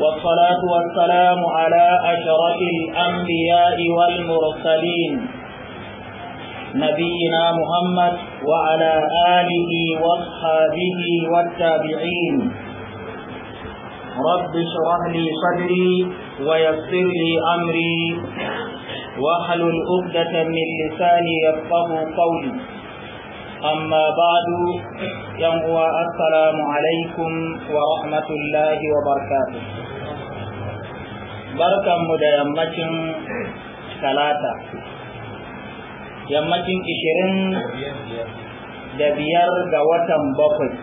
والصلاة والسلام على أشرف الأنبياء والمرسلين نبينا محمد وعلى آله واصحابه والتابعين رب اشرح لي صدري ويسر لي أمري واحلل عقدة من لساني يفقه قولي أما بعد ينقوى السلام عليكم ورحمة الله وبركاته بركة مديمة ثلاثة yammacin ishirin da biyar ga watan bakwai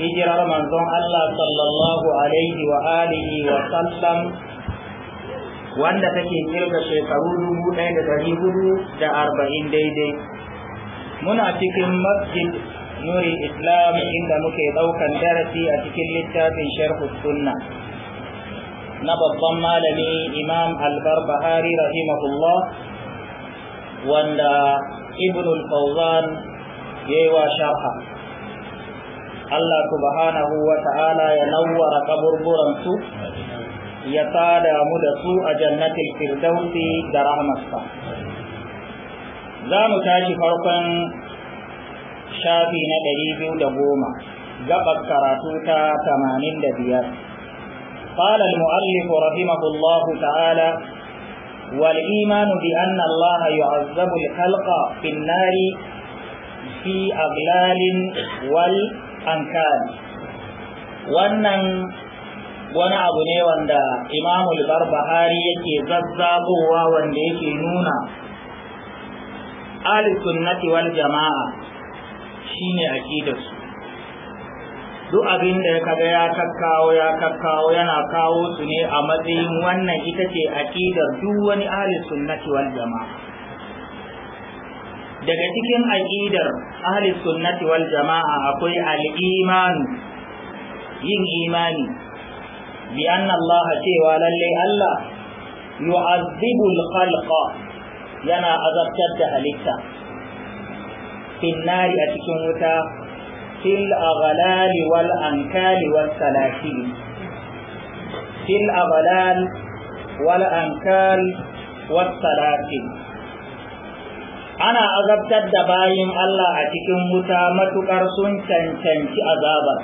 hijirar manzon Allah sallallahu alaihi wa alihi wa sallam wanda take kirga shekaru dubu ɗaya da ɗari hudu da arba'in daidai muna cikin masjid nuri islam inda muke daukan darasi a cikin littafin sharhu sunna na babban malami imam albarbahari rahimahullah wanda ibnul al-fawzan yayi wa sharha Allah subhanahu wa ta'ala ya nawwara kaburburansu ya sada mu da su a jannatin firdausi da rahmatsa za mu tashi farkon shafi na ɗari biyu da goma gaɓar karatu ta tamanin da biyar قال المؤلف رحمه الله تعالى والإيمان بأن الله يعذب الخلق في النار في أغلال والأنكال wannan wani abu ne wanda imamul barbahari yake zazzabowa wanda yake nuna ahli sunnati wal jama'a shine aqidar su duk abin da ya kaga ya kakkawo ya kakkawo yana kawo su ne a matsayin wannan ita ce aqidar duk wani ahli sunnati wal jama'a daga cikin aqidar ahli sunnati wal jama'a akwai al yin imani bi anna Allah cewa lallai Allah yu'azzibul khalqa yana azabtar da halitta finnari a cikin wuta fil aghlali wal ankali was salashil fil aghlal wal ankal was salashil ana azabtar da bayin Allah a cikin wuta matukar sun cancanci azaba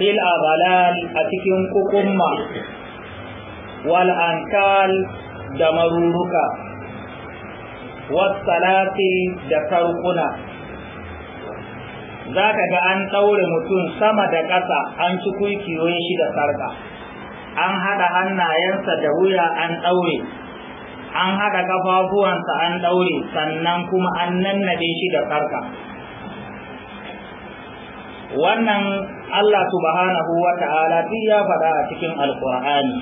fil aghlal a cikin kukumma wal ankal da maruruka wasalati da karkuna. za ka ga an ɗaure mutum sama da ƙasa an ci kuikiyoyin shi da sarka an haɗa hannayensa da wuya an ɗaure an haɗa ƙafafuwansa an ɗaure sannan kuma an nannade shi da sarka wannan allah subhanahu wa ta'ala duk ya faɗa a cikin alƙur'ani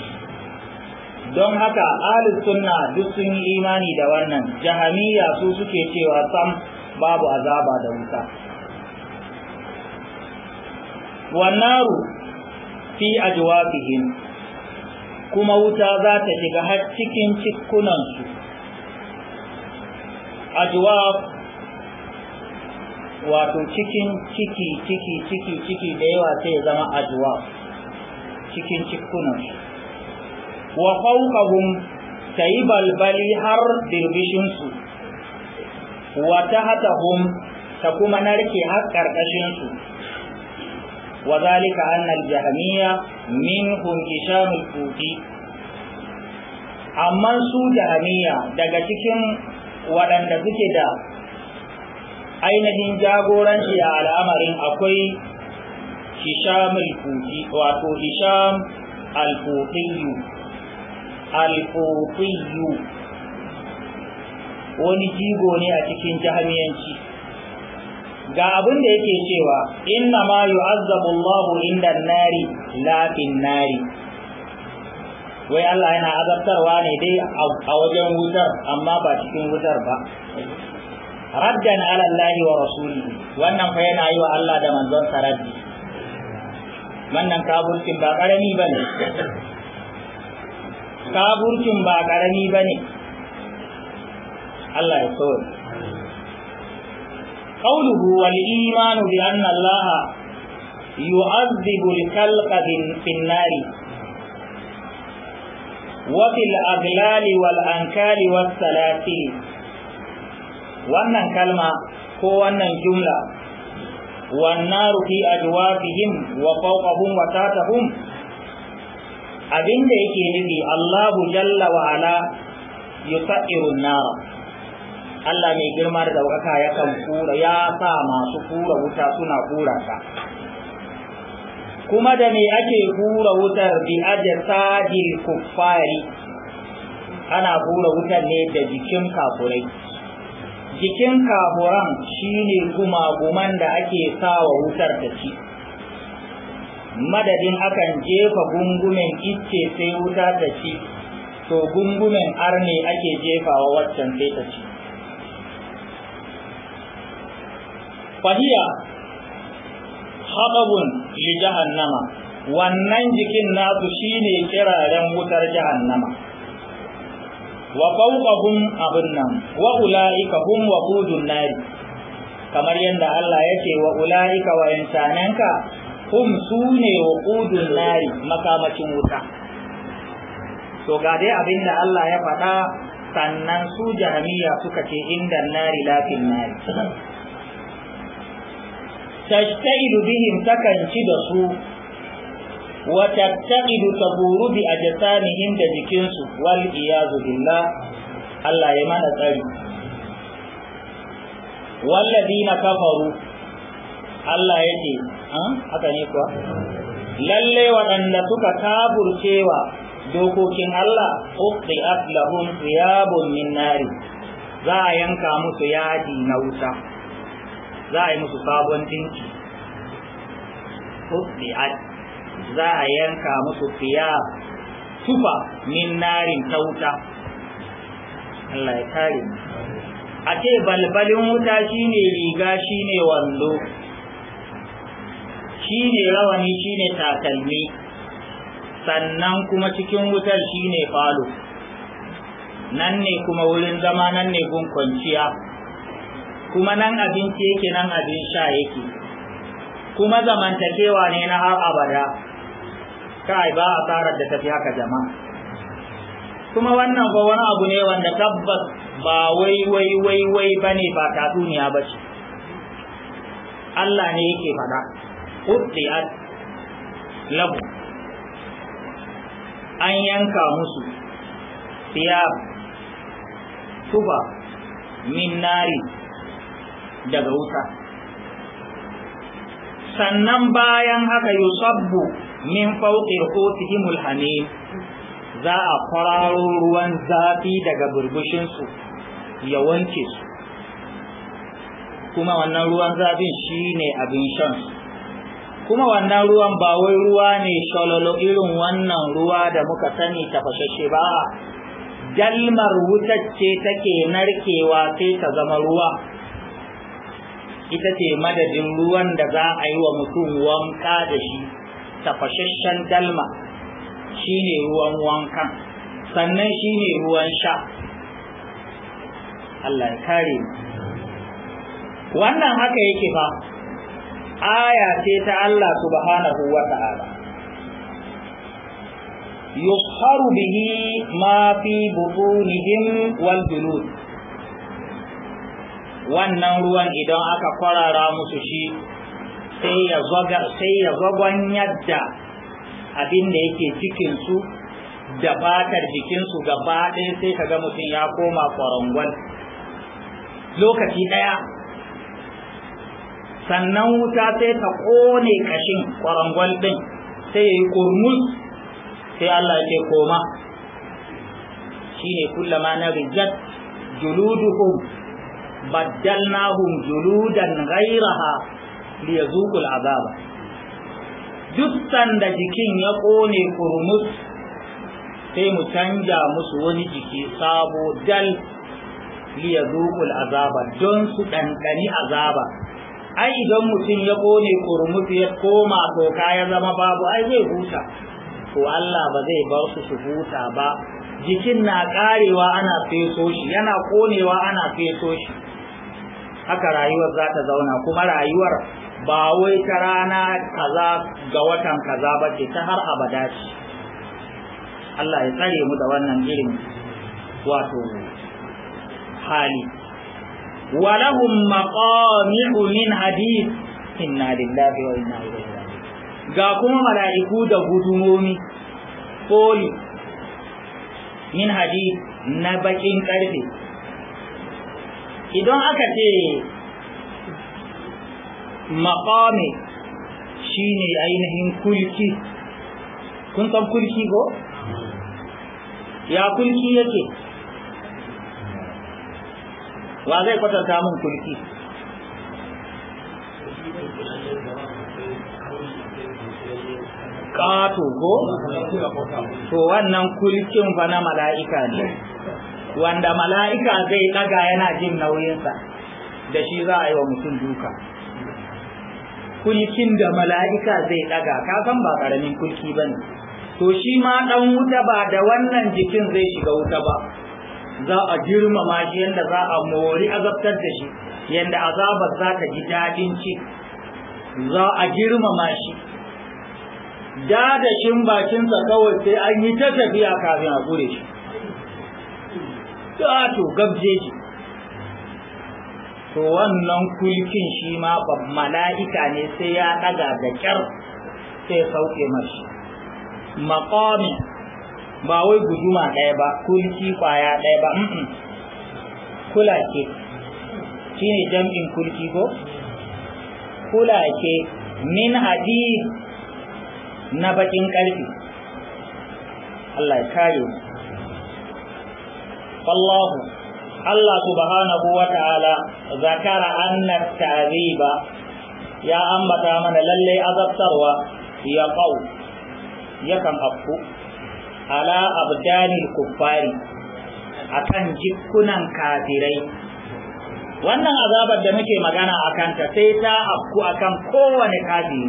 don haka ahlus sunna duk sun yi imani da wannan jahamiya su suke cewa sam babu azaba da wuta wannaru fi ajwafihim kuma wuta za ta shiga har cikin cikunansu ajwaf wato cikin ciki ciki ciki ciki da yawa sai zama ajwaf cikin cikunansu wa fawqahum ta yi balbali har dirbishinsu wa tahatahum ta kuma narke har ƙarƙashinsu wa zalika al jahmiya minhum ishamul quti amma su jahmiya daga cikin waɗanda suke da ainihin jagoranci a al'amarin akwai hisham al-kuti wato hisham al-kutiyu alkufiyu wani jigo ne a cikin jahamiyanci ga abin da yake cewa inna ma yu'azzabu Allahu inda nari lafin nari wai Allah yana azabtarwa ne dai a wajen wutar amma ba cikin wutar ba raddan ala wa rasuli wannan fa yana yi wa Allah da manzon sa wannan kafircin ba karami bane Ka kaburcin ba ƙarami ba ne Allah ya tsoro ƙaunuhu wal’imanu bi an allaha yu azibul kalkabin finnari wafil aglali wal’ankali wassalati wannan kalma ko wannan jumla wannan rufi a juwa fihim wa fauƙahun wa tatahun abinda yake nufi Allahu jalla wa ala yusairu nar Allah mai girma da daukaka yakan kura ya sa masu kura wuta suna kura ka. kuma da me ake kura wutar bi sahil kuffari ana kura wutar ne da jikin kafurai jikin kafuran shine gumaguman da ake sawa wutar ta ci madadin akan jefa gungumen icce sai wuta ta ci to gungumen arne ake jefawa waccan sai ta ci fahiya haɗabun li jahannama wannan jikin nasu shine kiraren wutar jahannama wa fawqahum abun nan wa ulaika hum qudun nari kamar yadda Allah yake wa ulaika wa insananka hum sune ne wa ƙudun nari makamacin wuta to ga dai abin Allah ya faɗa sannan su jahamiya suka ce inda nari lafin nari tashtaidu bihim takan ci da su wa ta taburu bi ajsamihim da jikinsu wal iyazu billah Allah ya mana tsari wallazina kafaru Allah ya ce ah, haka ne kuwa lalle waɗanda suka kaburcewa dokokin Allah uqti'at lahum thiyabun min nari za a yanka musu yadi na wuta za a yi musu sabon dinki uqti'at za a yanka musu fiya tufa min narin ta wuta Allah ya kare a ce balbalin wuta shine riga shine wando shine rawani shine takalmi sannan kuma cikin wutar shine falo nan ne kuma wurin zama nan ne gun kwanciya kuma nan abinci yake nan abin sha yake kuma zamantakewa ne na har abada kai ba a asarar da tafi haka jama'a kuma wannan ba wani abu ne wanda tabbas ba wai wai wai wai bane ba tatsuniya ba ce Allah ne yake faɗa qutti'at labu an yanka musu siyab tuba minari daga wuta sannan bayan haka sabbu min fauƙin qutihimul hamim za a kwararo ruwan zafi daga burbushinsu ya wanke su kuma wannan ruwan zafin shi ne abin shansu kuma wannan ruwan ba wai ruwa ne shololo irin wannan ruwa da muka sani tafashashe ba dalmar ce take narkewa sai ta zama ruwa ita ce madadin ruwan da za a yi wa mutum wanka da shi tafashashen dalma shine ruwan wankan sannan shine ruwan sha Allah ya kare wannan haka yake fa aya ce ta Allah subhanahu wa ta'ala yusharu bihi ma fi butunihim wal junud wannan ruwan idan aka kwarara musu shi sai ya zagon yadda abin da yake cikin su da batar jikin su gaba ɗaya sai kaga mutum ya koma kwarangon lokaci ɗaya sannan wuta sai ta ƙone ƙashin ƙwarangwal ɗin sai ya yi ƙurmus sai Allah ya ce koma shine kullama na rijat juluduhum baddalnahum juludan ghairaha liyazuqul azaba duk sanda jikin ya ƙone kurmus sai mu canja musu wani jiki sabo dal liyazuqul azaba don su ɗanɗani azaba ai idan mutum ya kone kurmus ya koma toka ya zama babu ai zai huta to Allah ba zai bar su su huta ba jikin na karewa ana feso shi yana konewa ana feso shi haka rayuwar za ta zauna kuma rayuwar ba wai ta rana kaza ga watan kaza ba ce ta har abada ce Allah ya tsare mu da wannan irin wato hali wa lahum min hadid inna lillahi wa inna ilaihi ga kuma mala'iku da gudumomi koli min hadid na bakin karfe idan aka ce maqami shine ainihin kulki kun san kulki ko ya kulki yake wa zai kwatanta min kulki ƙato ko to wannan kulkin fa na mala'ika ne wanda mala'ika zai ɗaga yana jin nauyinsa da shi za a yi wa mutum duka kulkin da mala'ika zai ɗaga san ba ƙaramin kulki ba ne to shi ma 'dan wuta ba da wannan jikin zai shiga wuta ba za a girmama shi yadda za a mori azabtar da shi yadda azabar za ta ji daɗin ci za a girmama shi dadashin bakinsa kawai sai an yi ta tafiya kafin a kure shi to gabje shi to wannan kulkin shi ma mala'ika ne sai ya ɗaga da kyar sai sauke mashi maƙamin ba wai guduma ɗaya ba kulki kwaya ɗaya ba Kula shi shine jam'in kulki ko ke min hadid na bakin karfi Allah ya kare mu wallahu Allah subhanahu wa ta'ala zakara anna ta'ziba ya ambata mana lalle azabtarwa ya ya kan afku ala abdanil kuffari akan jikunan kafirai wannan azabar da muke magana a kanta sai ta afku akan kowane kafiri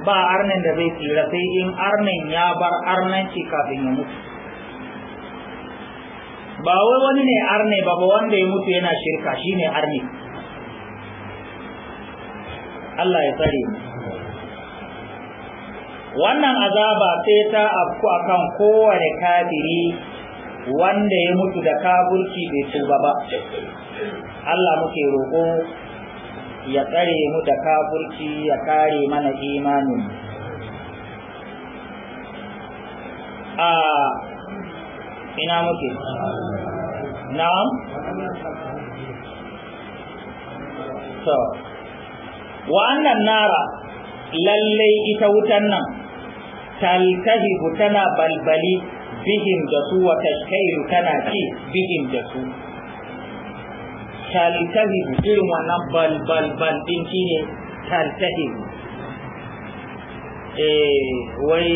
ba arnan da zai tsira sai in arnan ya bar arnanci kafin ya mutu ba wai wani ne arne ba ba wanda ya mutu yana shirka shine arne Allah ya tsare mu wannan azaba sai ta afku akan kowane kafiri wanda ya mutu da kafirci bai tuba ba Allah muke roƙo ya tsare mu da kafirci ya kare mana imanin a ina muke na'am so wa'annan nara lallai ita wutan nan تلتهب تنا بلبلي بهم دسو وتشكير تنا كي بهم دسو تلتهب جرم ونبل بل بل بنتيني تلتهب إيه وي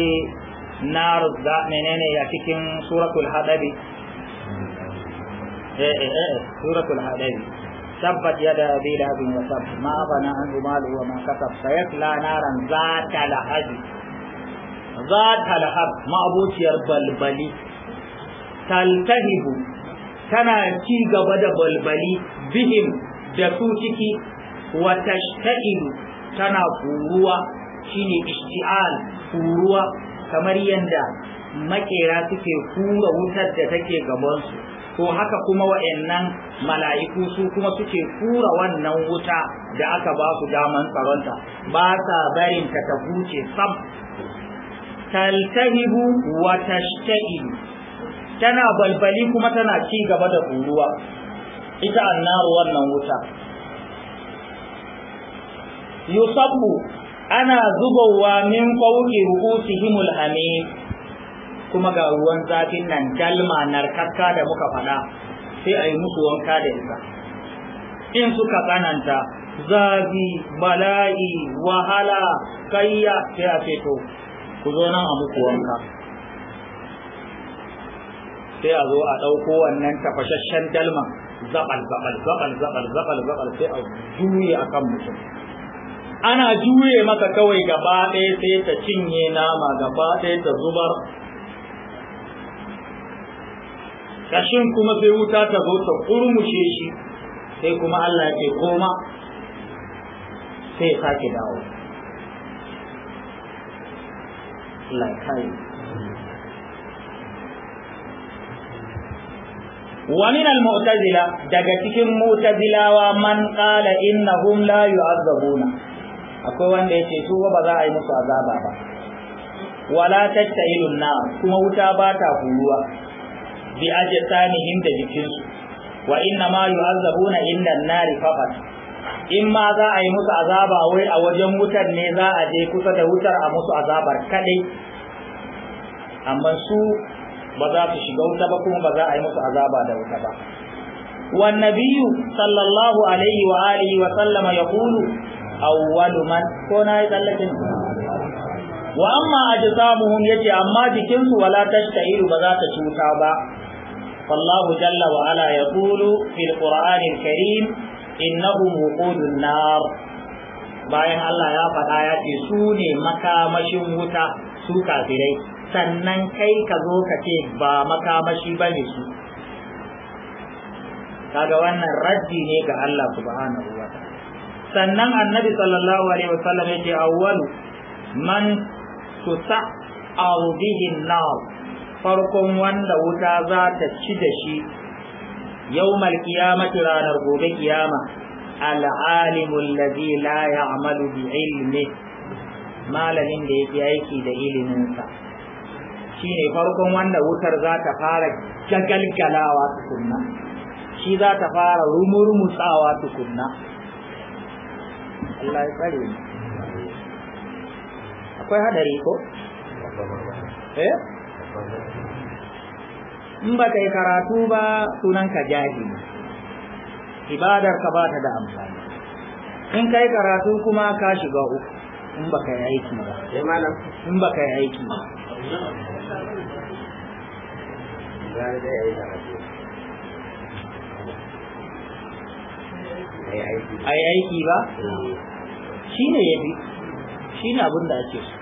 نار دا منين يا كيكين سورة الحدبي إيه،, إيه إيه إيه سورة الحدبي تبت يد أبي لهب وتب ما أغنى عنه ماله وما كسب سيصلى نارا ذات لهب za talhab ma'abociyar balbali taltahibu tana ci gaba da balbali bihim da su ciki wata tashta'ilu tana kuruwa shine isti'al kuruwa kamar yadda makera suke kura wutar da take gabansu ko haka kuma wa'annan mala'iku su kuma suke kura wannan wuta da aka ba su daman tsaronta ba sa barin ta ta huce sam taltahibu wa tashta'ibu tana balbali kuma tana ci gaba da kuruwa ita annaru wannan wuta yusabbu ana zubawa min fawqi ru'usihimul Hami kuma ga ruwan zafin nan dalma narkakka da muka faɗa sai ayi musu wanka da isa in suka tsananta zafi bala'i wahala kayya sai a ce ku zo nan a muku wanka sai a zo a ɗauko wannan tafashashen dalma zabal zabal zabal zabal zabal zabal sai a juye a kan mutum ana juye maka kawai gaba ɗaya sai ta cinye nama gaba ɗaya ta zubar kashin kuma sai wuta ta zo ta kurmushe shi sai kuma Allah ya ce koma sai sake dawo Allah ya kare al-mu'tazila daga cikin mu'tazilawa man qala innahum la yu'azzabuna akwai wanda yace su ba za a yi musu azaba ba wala tattailun na kuma wuta bata ta kuruwa bi ajsanihim da jikinsu wa inna ma yu'azzabuna inda an-nari in ma za a yi musu azaba wai a wajen wutar ne za a je kusa da wutar a musu azabar kaɗai. amma su ba za su shiga wuta ba kuma ba za a yi musu azaba da wuta ba والنبي صلى الله عليه وآله وسلم يقول أول من كنا amma jikinsu wala يجي أما جكنس ولا تشتعير بذات شوتا با فالله جل وعلا يقول في القرآن karim. innahu muqudun nar bayan Allah ya faɗa ya ce su ne makamashin wuta su kafirai sannan kai ka zo ka ce ba makamashi ba ne su kaga wannan raddi ne ga Allah subhanahu wa sannan annabi sallallahu alaihi wasallam ya ce awwalu man tusa ardihin nar farkon wanda wuta za ta ci da shi yawmal qiyamati ranar gobe kiyama al-alimu alladhi la ya'malu bi malamin da yake aiki da iliminsa shine farkon wanda wutar za ta fara jagalgalawa tukunna shi za ta fara rumurmutsawa tukunna in ba ka yi karatu ba sunanka jahili ibadar ka ba ta da amfani in ka yi karatu kuma ka shiga uku in ba ka yi aiki ba eh, in ba ka yi aiki ba a yi aiki ba eh. shi ne ya fi shi ne abin da ake so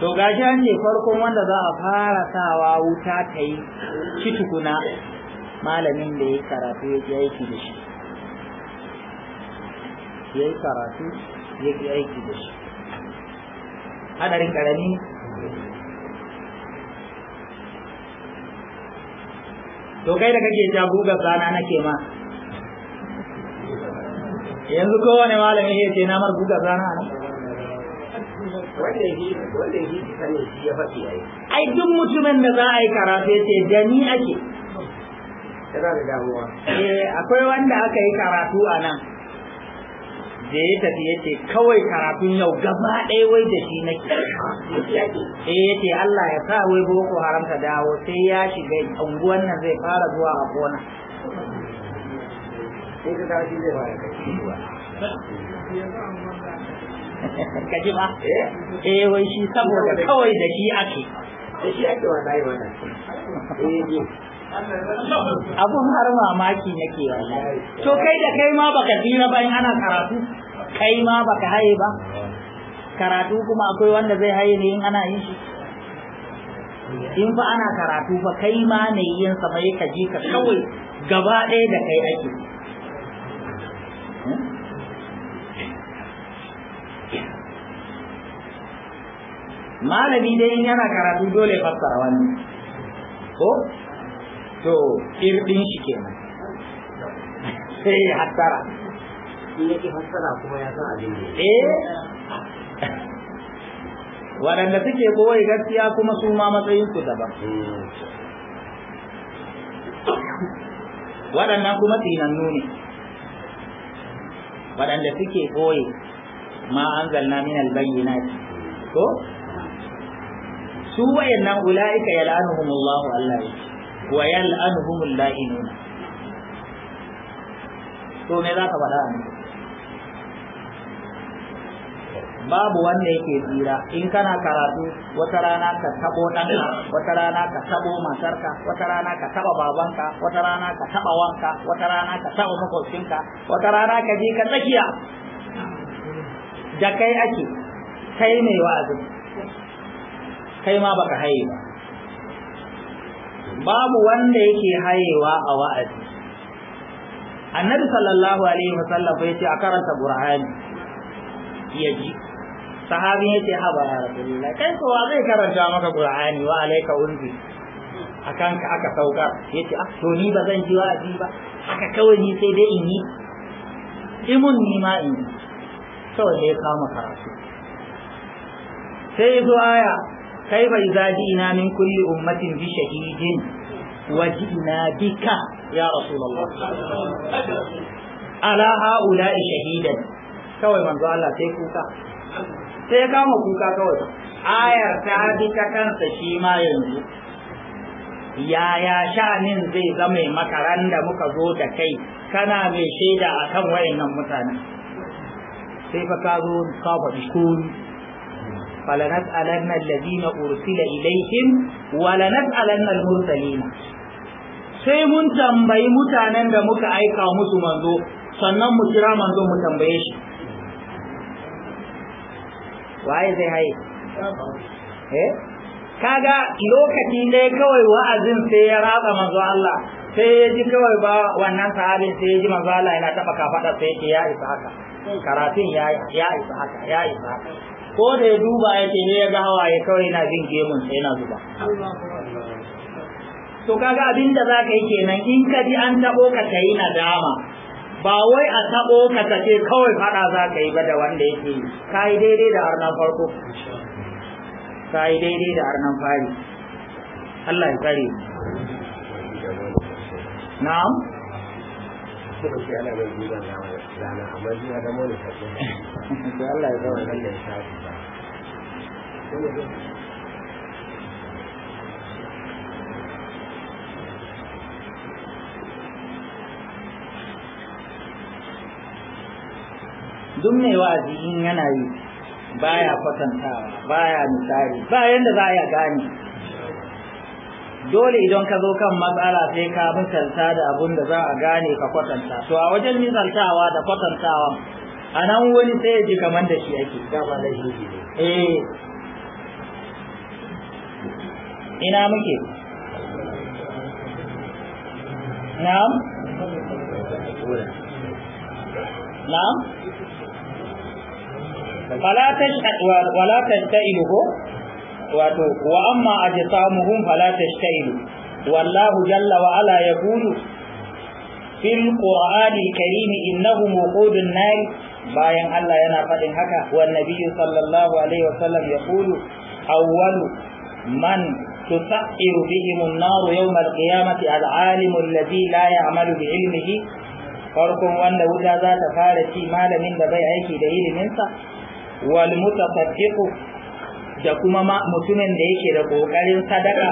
to gashi an ne farkon wanda za a fara sawa wuta ta yi ci tukuna malamin da ya karatu ya aiki da shi ya yi karatu ya yi aiki da shi hadarin karami to kai da kake ja gugar rana nake ma yanzu kowane malami ya ce na mar gugar rana na ai duk mutumin da za a yi karafe ce da ake eh, akwai wanda aka yi karatu a nan da ya tafi ya ce kawai karatun yau gaba ɗaya wai da shi na ke eh, ya ce Allah ya sa wai boko haram ta dawo sai ya shiga unguwan nan zai fara zuwa a kona sai kaji ba eh wai shi saboda kawai da shi ake da shi ake wannan eh, abun har mamaki nake wallahi to kai da kai ma baka tsira ba in ana karatu kai ma baka haye ba karatu kuma akwai wanda zai haye ne in ana yin shi in fa ana karatu fa kai ma ne yin sa bai ka ji ka kawai gaba ɗaya da kai ake malami dai in yana karatu dole fassara wani ko to irdin shi kenan sai hattara in yake fassara kuma ya san abin da eh waɗanda suke goyi gaskiya kuma su ma matsayinsu daban waɗannan kuma tsinannu ne waɗanda suke goyi ma an zalna min albayyana ko su wayannan ula'ika yal'anuhum Allah wa yal'anuhum la'inun to me za ka faɗa ne babu wanda yake tsira in kana karatu wata rana ka tabo ɗanka wata rana ka tabo matarka wata rana ka taba babanka wata rana ka taba wanka wata rana ka taba makwabcinka wata rana ka je ka tsakiya da kai ake kai mai wa'azi kai ma baka haye ba babu wanda yake hayewa a wa'azi annabi sallallahu alaihi wasallam ya ce a karanta qur'ani ya ji sahabi ya ce haba ya rasulullah kai ko wa zai karanta maka qur'ani wa alayka unzi akan ka aka sauka ya ce ah to ni ba zan ji wa'azi ba haka kawai ni sai dai in yi imun ni ma in yi kawai ne kama karatu sai ya zo aya Kai kaifa idza ji'na min kulli ummatin bi shahidin wa ji'na bika ya rasulullah ala haula'i shahidan kawai manzo Allah sai kuka sai kama kuka kawai ayar ta bi ta kansa shi ma yanzu yaya sha'anin zai zama makaran da muka zo da kai kana mai shaida akan wayannan mutanen sai fa ka zo ka faɗi فلنسألن الذين أرسل إليهم ولنسألن المرسلين sai mun tambayi mutanen da muka aika musu manzo sannan mu kira manzo mu tambaye shi waye zai haye eh kaga lokaci ne kawai wa'azin sai ya raba manzo Allah sai ya ji kawai ba wannan sahabin sai ya ji manzo Allah yana taba kafada sai ya isa haka karatun ya isa haka ya isa haka ko da ya duba ya ce ne ya ga hawaye kawai na jin gemun sai na zuba to kaga abin da zaka yi kenan in ka ji an tabo ka kai nadama ba wai a tabo ka kace kawai fada zaka yi ba da wanda yake kai daidai da arnan farko kai daidai da arnan fari Allah ya kare na'am suka ce ana mai gudan rana amma ji ya zama ba duk mai wa'azi in yana yi baya kwatantawa baya misali ba yanda za a gane dole idan ka zo kan matsala sai ka misalta da abun da za a gane ka kwatanta to a wajen misaltawa da kwatantawa a nan wani sai ya ji kamar da shi ake shi eh ina muke na'am na'am wala tashhad wala ko? wato wa amma ajsamuhum fala tashtailu wallahu jalla wa ala yaqulu fil qur'ani karim innahum wuqudun nar bayan Allah yana faɗin haka wan nabiyyu sallallahu alaihi wasallam yaqulu awwalu man تسعر بهم النار يوم القيامة العالم الذي لا يعمل بعلمه farkon wanda wuta za ta fara ci malamin da bai aiki da iliminsa wal da kuma mutumin da yake da kokarin sadaka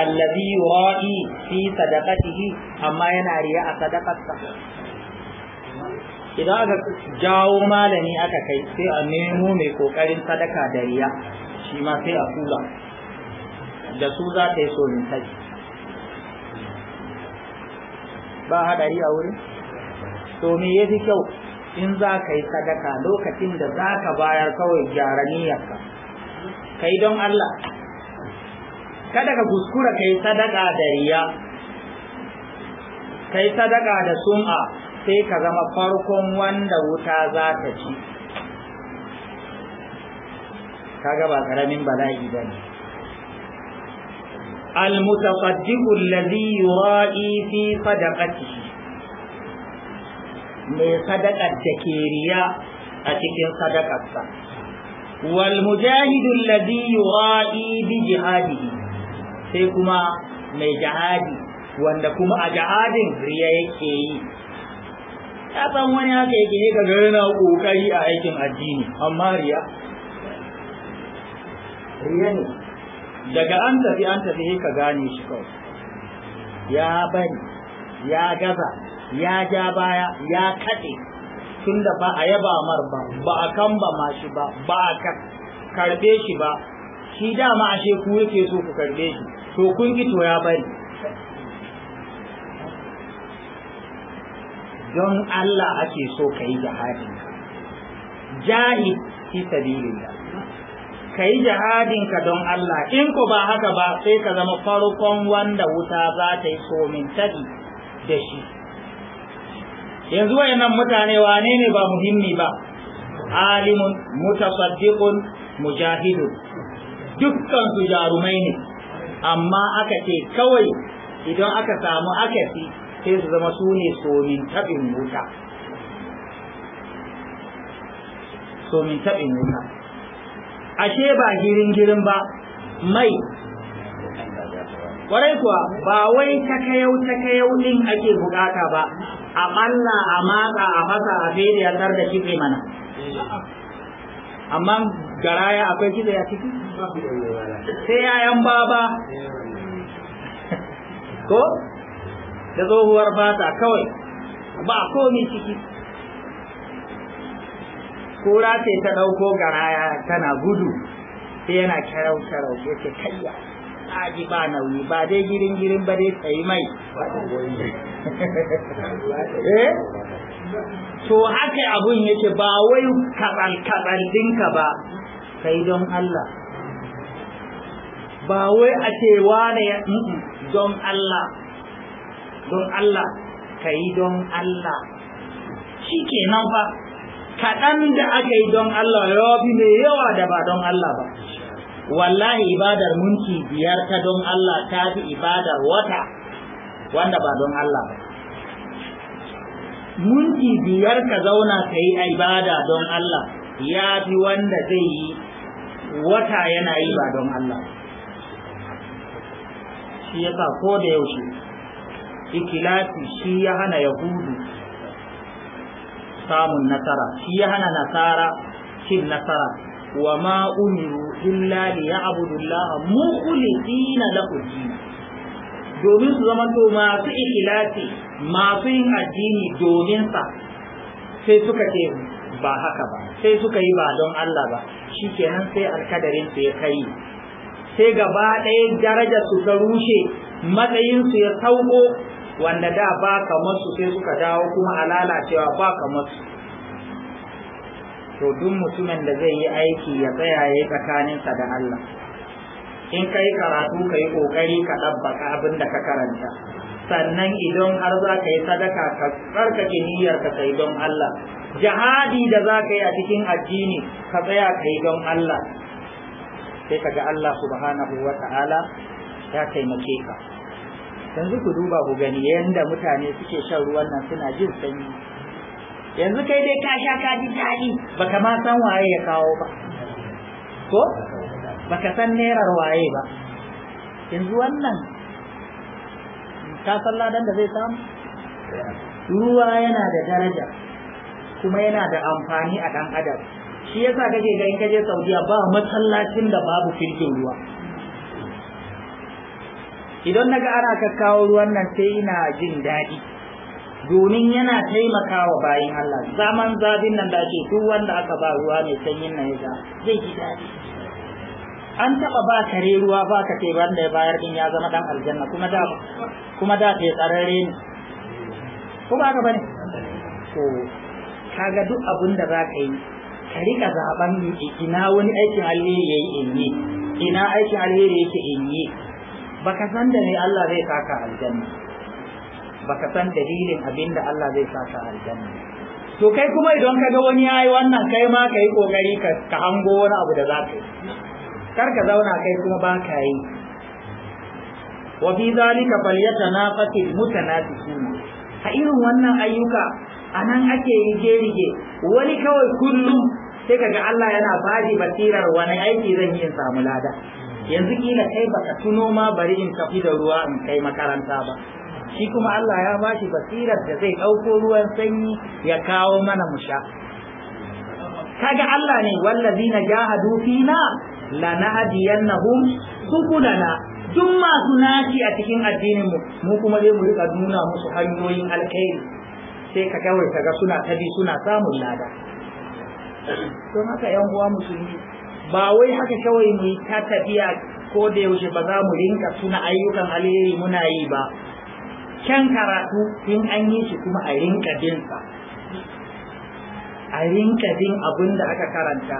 allazi yura'i fi sadaqatihi amma yana riya a sadakarsa idan aka jawo malami aka kai sai a nemo mai kokarin sadaka da riya shi ma sai a kula da su za ta yi so sai ba hadari a wurin to me fi kyau in za ka yi sadaka lokacin da za ka bayar kawai gyara niyyarka kai yi don Allah kada ka kuskura ka yi sadaka da riya ka sadaka da sum'a sai ka zama farkon wanda wuta za ta ci kaga ba karamin bala'i ba ne المتصدق الذي yura'i fi صدقته mai sadaka da ke riya a cikin sadakarsa wal mujahidu alladhi yura'i bi jihadihi sai kuma mai jihadi wanda kuma a jihadin riya yake yi kasan wani haka yake ne kaga yana kokari a aikin addini amma riya riya ne daga an tafi an tafi ka gane shi kawai ya bari ya gaza ya ja baya ya kaɗe Tun da ba a yaba mar ba ba a ba ma shi ba ba a karbe shi ba shi dama ashe ku yake so ku karbe shi to kun ki to ya bari don Allah ake so ka yi jihadin fi sabilillah ka yi jihadin ka don Allah in ku ba haka ba sai ka zama farkon wanda wuta za ta yi somin tadi da shi yanzu wa wayannan mutane wane ne ba muhimmi ba alimun mutasaddiqun mujahidun dukkan su jarumai ne amma aka ce kawai idan aka samu akasi sai su zama su ne somin tabin wuta somin tabin wuta ashe ba girin girin ba mai kwarai kuwa ba wai takayau takayau ɗin ake bukata ba a balla a matsa a fasa a fere ya tar da kitse mana amma garaya akwai kitse a ciki sai yayan baba ko da tsohuwar bata kawai ba komi ciki kura ce ta ɗauko garaya tana gudu sai yana kyarau kyarau yake ce kayya aji ba nauyi ba dai girin girin ba dai tsayi mai eh? to haka abun yake ba wai kabal kabal dinka ba sai don Allah ba wai a ce wane don Allah don Allah kai don Allah shi nan fa kaɗan da aka yi don Allah ya fi mai yawa da ba don Allah ba wallahi ibadar minti biyar ta don Allah ta fi ibadar wata wanda ba don Allah ba minti biyar ka zauna ka yi ibada don Allah ya fi wanda zai yi wata yana yi ba don Allah shi ya sa ko da yaushe ikilasi shi ya hana yahudu samun nasara shi ya hana nasara cin nasara wa ma umiru illa li ya'budu Allah mukhlisin lahu din domin su zama to masu ikhlasi masu yin addini domin sa sai suka ce ba haka ba sai suka yi ba don Allah ba shikenan sai alkadarin su ya kai sai gaba ɗaya daraja su ta rushe matsayin su ya sauko wanda da ba kamar su sai suka dawo kuma a lalacewa ba kamar su to duk mutumin da zai yi aiki ya tsaya ya yi tsakaninsa da Allah in kai karatu ka yi ƙoƙari ka ɗabbaka abin da ka karanta sannan idan har za ka yi sadaka ka tsarkake niyyar ka sai don Allah jihadi da za ka yi a cikin addini ka tsaya ka yi don Allah sai ka ga Allah subhanahu wa ta'ala ya taimake ka yanzu ku duba ku gani yadda mutane suke shan ruwan nan suna jin sanyi yanzu kai dai ka sha ka ji daɗi baka ma san waye ya kawo ba ko baka san nerar waye ba yanzu wannan ka san ladan da zai samu ruwa yana da daraja kuma yana da amfani a ɗan adam shi yasa kake ga in kaje Saudiya ba masallacin da babu firkin ruwa idan naga ana kakkawo ruwan nan sai ina jin daɗi domin yana taimakawa bayan Allah zaman zabin nan da ake duk wanda aka ba ruwa mai sanyin nan ya zai ji daɗi an taɓa ba tare ruwa ba ka ce wanda ya bayar din ya zama dan aljanna kuma da kuma da ke tsarare ne ko ba ka bane to kaga duk abin da za ka yi ka rika zaben ina wani aikin alheri yayi in yi ina aikin alheri yake in yi baka san da ne Allah zai saka aljanna baka san dalilin abinda Allah zai sa ka aljanna to kai kuma idan ka ga wani yayi wannan kai ma kai kokari ka ka hango wani abu da zaka yi kar ka zauna kai kuma ba ka yi wa bi zalika falyatanafasi mutanafisuna a irin wannan ayyuka anan ake rige rige wani kawai kullum sai kaga Allah yana baji basirar wani aiki zan yi samu lada yanzu kila kai baka tuno ma bari in tafi da ruwa in kai makaranta ba shi kuma Allah ya ba shi basirar da zai ɗauko ruwan sanyi ya kawo mana mu sha kaga Allah ne wallazina jahadu fina lanahdiyannahum subulana duk masu naci a cikin addinin mu mu kuma zai mu rika nuna musu hanyoyin alkhairi sai ka kawai ga suna tabi suna samun lada don haka yan uwa musulmi ba wai haka kawai mu ta tafiya ko da yaushe ba za mu rinka suna ayyukan alheri muna yi ba can karatu in an yi shi kuma a rinka binsa a rinka bin abin da aka karanta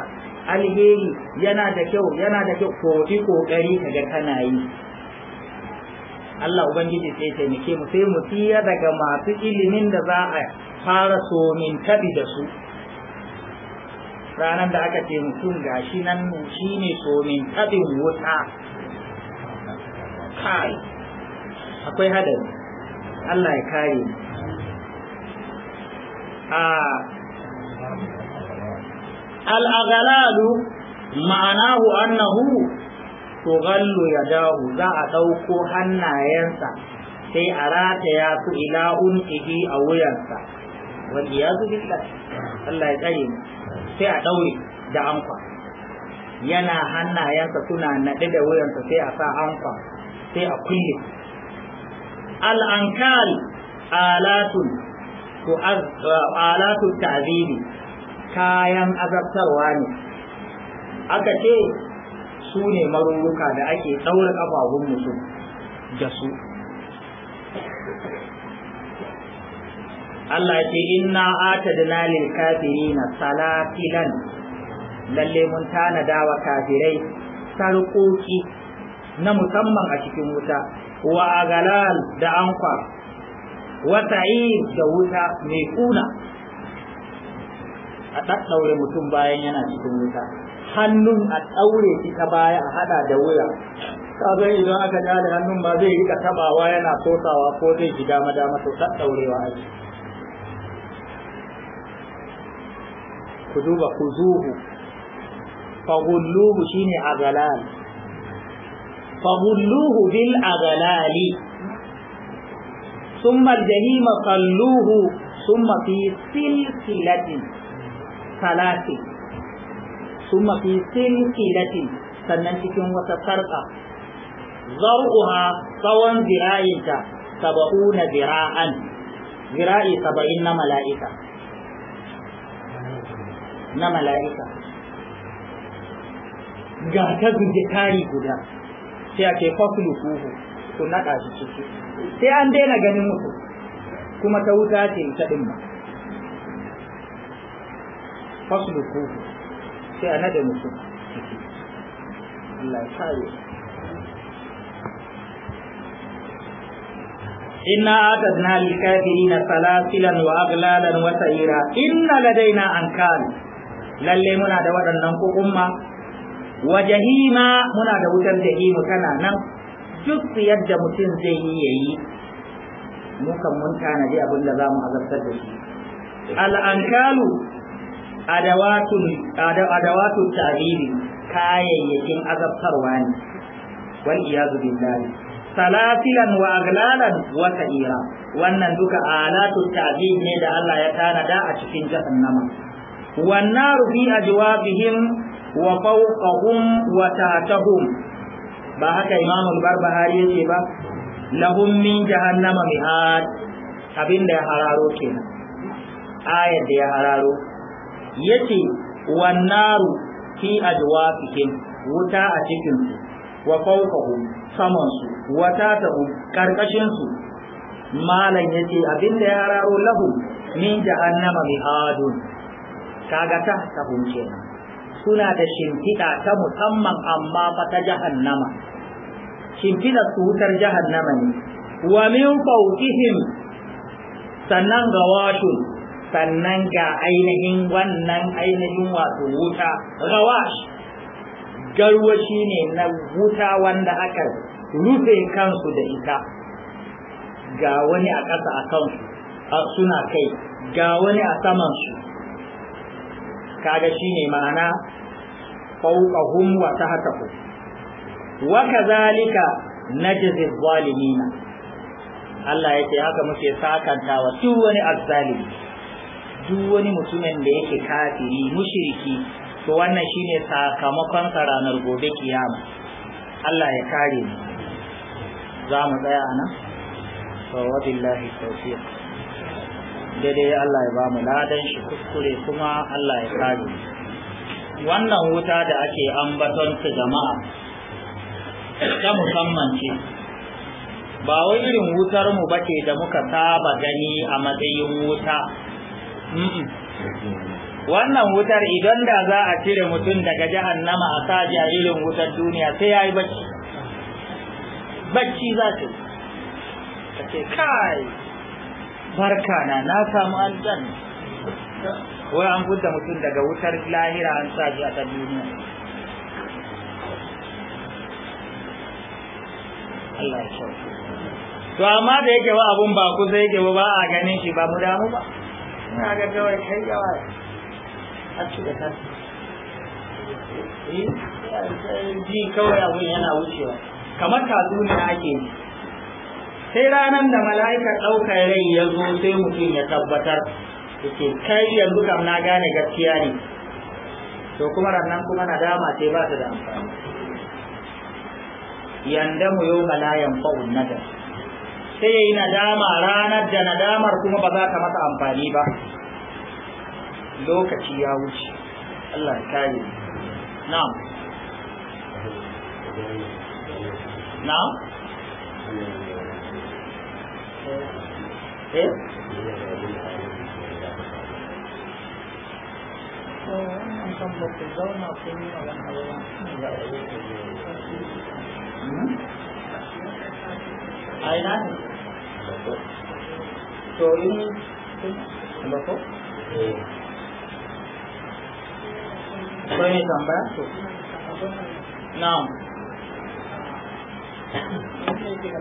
alheri yana da kyau yana da kyau koki kokari kaga kana yi Allah Ubangiji sai taimake mu sai mu tiya daga masu ilimin da za a fara somin tabi da su ranar da aka ce mutum gashi nan shi ne somin tabin wuta kai akwai hadari Allah ya kare mu al'agalalu ma'anahu annahu tughallu yadahu za a ɗauko hannayensa sai a rata ya su ila unqihi a wuyansa wal iyazu billah Allah ya tsare mu sai a ɗaure da amfa, yana hannayensa suna naɗe da wuyansa sai a sa amfa, sai a kulle al'ankal alatun alatun kayan azabtarwa ne aka ce su ne marurruka da ake tsaura ƙafafun mutum da su Allah ce da atadna kafiri na salafilan lalle mun tanadawa wa kafirai sarƙoƙi na musamman a cikin wuta wa agalal da anfa wa yi da wuta mai kuna a ɗaɗɗaure mutum bayan yana cikin wuta hannun a ɗaure shi baya a haɗa da wuya kaga idan aka da hannun ba zai rika tabawa yana sosawa ko zai ji dama dama to ɗaɗɗaurewa ake ku duba ku zuhu fagulluhu shine agalal فغلوه بالأغلال ثم الجحيم صلوه ثم في سلسلة ثلاث ثم في سلسلة sannan cikin wata sarƙa zar'uha tsawon zira'inta saba'una zira'an zira'i saba'in na na mala'ika ga ta guji tari guda sai ake ce kuhu ku naɗa shi ciki sai an daina ganin mutu kuma ta wuta ce ta ɗin ba kuhu sai a naɗa mutu ciki Allah ya kare إنا أعتدنا للكافرين سلاسلا وأغلالا وسعيرا إن لدينا أنكال lalle muna da waɗannan ko umma wa jahima muna da wutar jahimu tana nan duk yadda mutum zai yi yayi mukan mun tanadi abin da za mu azabtar da shi al'ankalu adawatu ta'ziri kayayyakin azabtarwa ne wal iyazu billahi salasilan wa aglalan wa sa'ira wannan duka alatu ta'ziri ne da Allah ya tanada a cikin jahannama wannan rufi ajwabihim wa fawqahum wa tahtahum ba haka imamu barbahari yake ba lahum min jahannama mihad abinda ya hararo kenan ayar da ya hararo yace wan naru fi ajwafihim wuta a cikin su wa fawqahum saman su wa tahtahum karkashin su malan yace abinda ya hararo lahum min jahannama mihadun kaga ta tahun kenan suna da shimfiɗa ta musamman amma fa ta jahannama shimfiɗa su wutar jahannama ne wa min fawqihim sannan ga washun sannan ga ainihin wannan ainihin wato wuta gawash garwashi ne na wuta wanda aka rufe kansu da ita ga wani a ƙasa a kansu suna kai ga wani a saman su. kaga shine ma'ana fawqahum wa tahtahum wa kadhalika najzi adh-dhalimin Allah yake haka muke sakanta wa duk wani azzalimi duk wani mutumin da yake kafiri mushriki to wannan shine sakamakon ranar gobe kiyama Allah ya kare mu za mu tsaya nan wa billahi tawfiq daidai Allah ya ba mu ladan shi kuskure kuma Allah ya kare wannan wuta da ake ambaton su jama'a ta musamman ce ba wai irin wutar mu bace da muka saba gani a matsayin wuta wannan wutar idan da za a cire mutum daga jahannama a sa a irin wutar duniya sai ya yi bacci bacci za ta ce kai farka na na samu aljanna wai an gudda mutum daga wutar lahira an sa shi a ta duniya Allah ya sauke to amma da yake wa abun ba ku, sai yake ba ba a ganin shi ba mu damu ba ina ga kawai kai yawa a ci da ta ji kawai abun yana wucewa kamar tatsuniya ake yi sai ranar da mala'ika ɗaukar rai ya zo sai mutum ya tabbatar yake kai yanzu kam na gane gaskiya ne to kuma rannan kuma na dama sai ba su da amfani yanda mu yau malayan fa'un nadar sai yi nadama ranar da nadamar kuma ba za ta masa amfani ba lokaci ya wuce Allah ya kare na'am na'am eh aina so ini sembako so ini sembako nah ini kita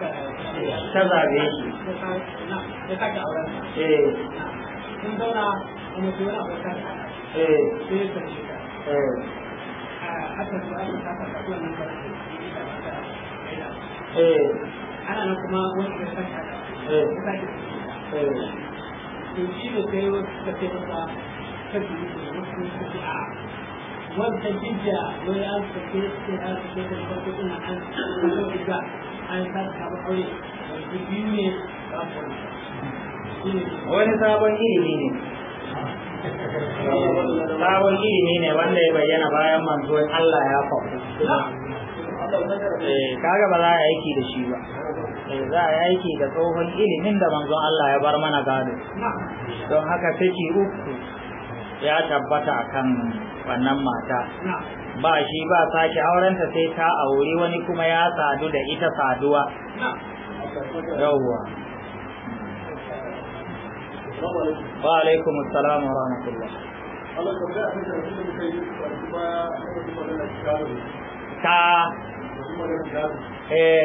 ta zabe shi eh kun zauna kuma eh sai ya ka eh su ake nan eh ana nan kuma wani eh ya eh to shi sai wasu ce kan su yi wasu su a wanda jijiya wani an su su kan farko ina an su wani sabon ilimi ne sabon ilimi ne wanda ya bayyana bayan manzon Allah ya faru eh, kaga ba za a aiki da shi ba eh, za a aiki da tsohon ilimin da manzon Allah ya bar mana gado don haka saki uku ya tabbata akan wannan mata ba shi ba sake aurenta sai ta aure wani kuma ya sadu da ita saduwa yawwa wa alaikum assalam wa rahmatullah ta eh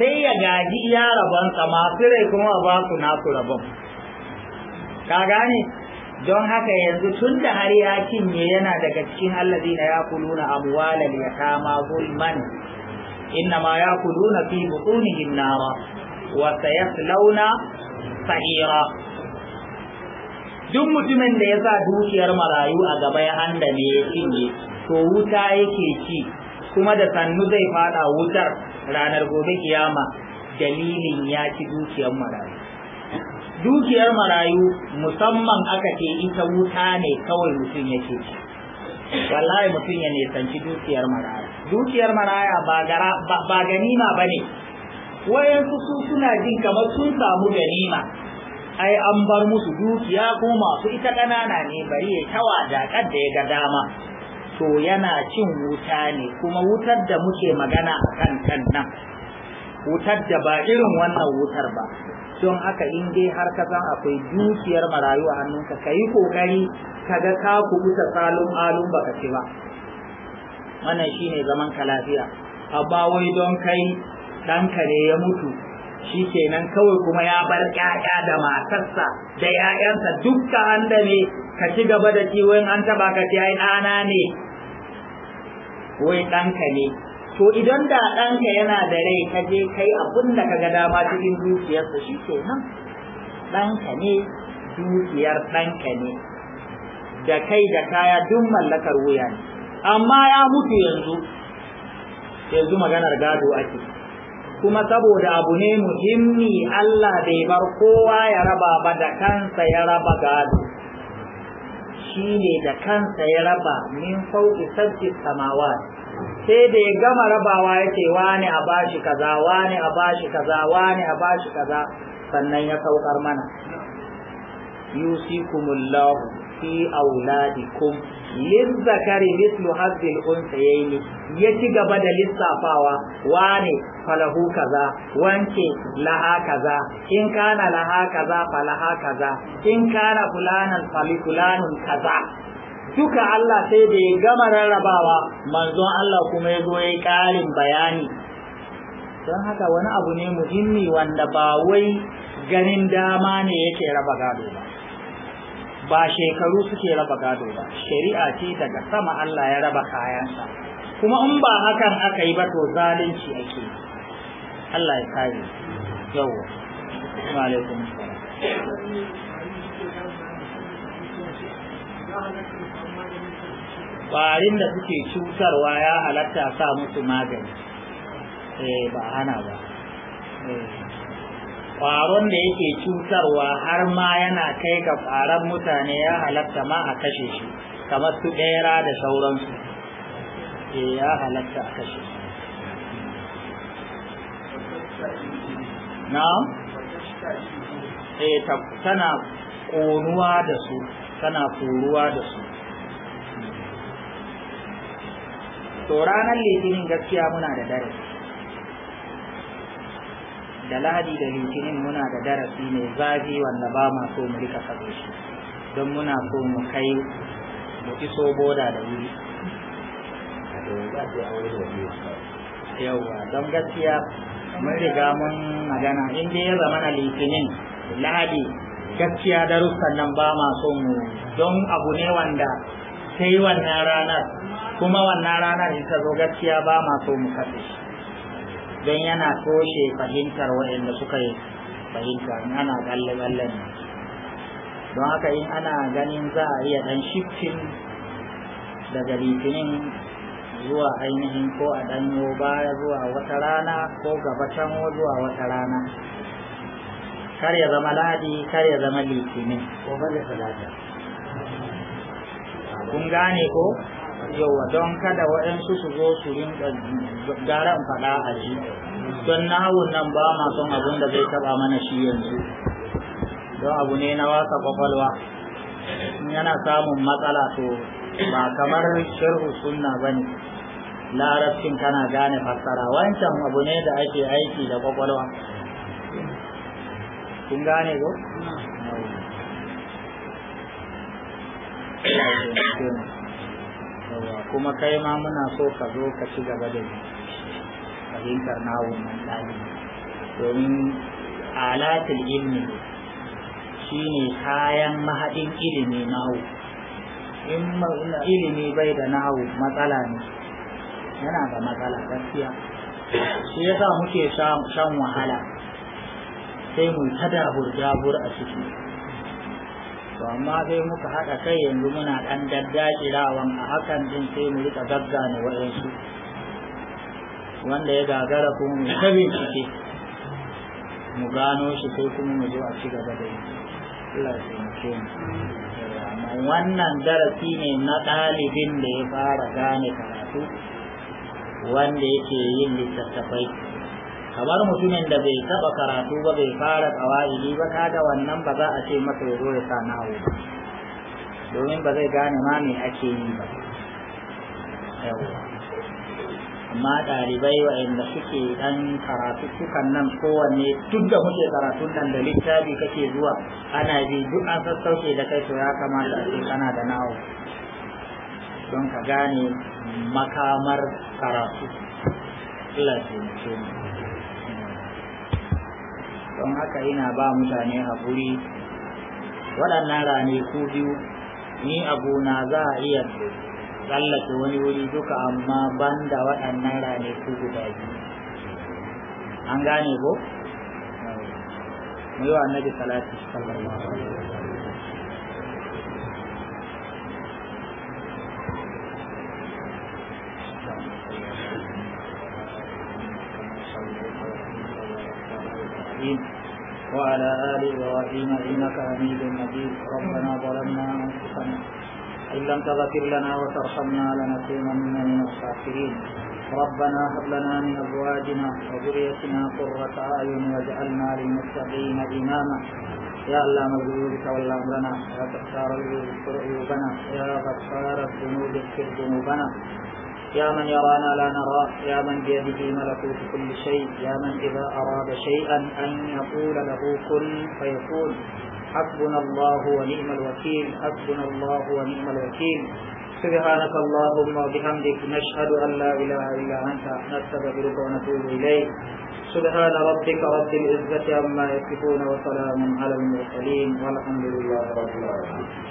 sai ya gaji ya rabonsa masu rai kuma ba su nasu rabon ka gane don haka yanzu tun da har ya cinye yana daga cikin allazina yakuluna amwalal yatama zulman innama yakuluna fi butunihim nara wa sayaslawna sa'ira duk mutumin da ya sa dukiyar marayu a gaba ya handa ne ya cinye to wuta yake ci kuma da sannu zai fada wutar ranar gobe kiyama dalilin ya ci dukiyar marayu dukiyar marayu musamman aka ce ita wuta ne kawai mutum ya ce ci wallahi mutum ya nisanci dukiyar maraya dukiyar maraya ba ganima ba ne wayansu su suna jin kamar sun samu ganima ai an bar musu dukiya ko masu ita ƙanana ne bari ya tawa jakar da ya ga dama to yana cin wuta ne kuma wutar da muke magana a kan kan nan wutar da ba irin wannan wutar ba don haka in dai har ka san akwai dukiyar marayu a hannunka ka yi kokari ka ga ka kubuta salon alun ka ci ba wannan shine zaman ka lafiya amma wai don kai ɗanka ne ya mutu shi kenan kawai kuma ya bar ƴaƴa da matarsa da ƴaƴansa dukkan ka da ne ka ci gaba da ciwon an taɓa ka ci ai ɗana ne wai ɗanka ne to idan da ɗanka yana da rai ka je kai abin da ka ga dama cikin dukiyarsa shi ke nan ɗanka ne dukiyar ɗanka ne da kai da kaya duk mallakar wuya ne amma ya mutu yanzu yanzu maganar gado ake kuma saboda abu ne muhimmi Allah bai bar kowa ya raba ba da kansa ya raba gado shi ne da kansa ya raba min fauki sarki samawa sai da ya gama rabawa ya ce wani a bashi kaza wani a bashi kaza wani a bashi kaza sannan ya saukar mana yusikumullahu fi auladikum zakari mislu hazzil unsayaini ya ci gaba da lissafawa wane falahu kaza wanke laha kaza in kana laha kaza falaha kaza in kana fulanan fali fulanun kaza duka Allah sai da ya gama rarrabawa manzon Allah kuma ya zo ya karin bayani don haka wani abu ne muhimmi wanda ba wai ganin dama ne yake raba gado ba ba shekaru suke raba gado ba shari'a ce daga sama Allah ya raba kayansa kuma in ba hakan aka yi ba to zalunci ake Allah ya kare yau wa alaikum Barin da suke cutarwa ya halatta sa musu magani eh ba hana ba eh. ƙwaron da yake cutarwa har ma yana kai ga ƙwaron mutane ya halatta ma a kashe shi kamar su ɗera da sauransu eh, ya halatta a kashe shi na'am eh tana ƙonuwa da su tana koruwa da su to ranar litinin gaskiya muna da darasi da lahadi da litinin muna da darasi mai zafi wanda ba ma so mu rika kaso shi don muna so mu kai mu iso boda da wuri yauwa don gaskiya mun riga mun magana in dai ya zama na litinin lahadi gaskiya darussan nan ba ma so mu don abu ne wanda sai wannan ranar kuma wannan ranar ita zo gaskiya ba ma so mu kaso shi don yana koshe fahimtar waɗanda suka yi fahimta in ana tsalle don haka in ana ganin za a iya ɗan shifting daga litinin zuwa ainihin ko a ɗanyo baya zuwa wata rana ko gabatan zuwa wata rana kar ya zama ladi kar ya zama litinin ko ba da talata kun gane ko yawa don kada waɗansu su zo su rinka gara in faɗa a ji don na hau nan ba ma son abin da zai taɓa mana shi yanzu don abu ne na wasa kwakwalwa yana samun matsala to ba kamar shirhu sunna ba ne larabcin kana gane fassara wancan abu ne da ake aiki da kwakwalwa kun gane ko? Mm. kuma kai ma muna so ka zo ka ci gaba da a fahimtar nawon nan ɗalibi domin alatul ilmi ne kayan mahaɗin ilimi nahu in ilimi bai da nahu matsala ne yana da matsala gaskiya shi yasa muke shan wahala sai mu ta dabur a ciki to amma sai muka haɗa kai yanzu muna ɗan rawan, a hakan din sai mu riƙa gaggane waɗansu wanda ya gagara kuma mu ta ciki, mu gano shi sai kuma mu zo a ci gaba da yi Allah ya taimake mu wannan darasi ne na ɗalibin da ya fara gane karatu wanda yake yin littattafai kamar mutumin da bai taba karatu ba bai fara kawai ba kada wannan ba za a ce masa ya zo ya sa nawo domin ba zai gane ma me ake yi ba amma ɗalibai waɗanda suke ɗan karatu sukan nan kowanne duk da muke karatu nan da littafi kake zuwa ana bi duk an sassauke da kai to ya kamata a ce kana da nawo don ka gane makamar karatu Allah ce mutum don haka ina ba mutane haƙuri waɗannan rane ku biyu ni a gona za a iya tsallake wani wuri duka amma ban da waɗannan ku guda biyu an gane ko mu yi wa annabi salati sallallahu alaihi وعلى آل إبراهيم إنك حميد مجيد ربنا ظلمنا أنفسنا إن لم تغفر لنا وترحمنا لنكونن من الخاسرين ربنا هب لنا من أزواجنا وذريتنا قرة أعين واجعلنا للمتقين إماما يا علام الغيوب تولى أمرنا يا غفار الذنوب اغفر عيوبنا يا تختار الذنوب اغفر ذنوبنا يا من يرانا لا نراه يا من بيده ملكوت كل شيء يا من إذا أراد شيئا أن يقول له كن فيكون حسبنا الله ونعم الوكيل حسبنا الله ونعم الوكيل سبحانك اللهم وبحمدك نشهد أن لا إله إلا أنت نستغفرك ونتوب إليك سبحان ربك رب العزة عما يصفون وسلام على المرسلين والحمد لله رب العالمين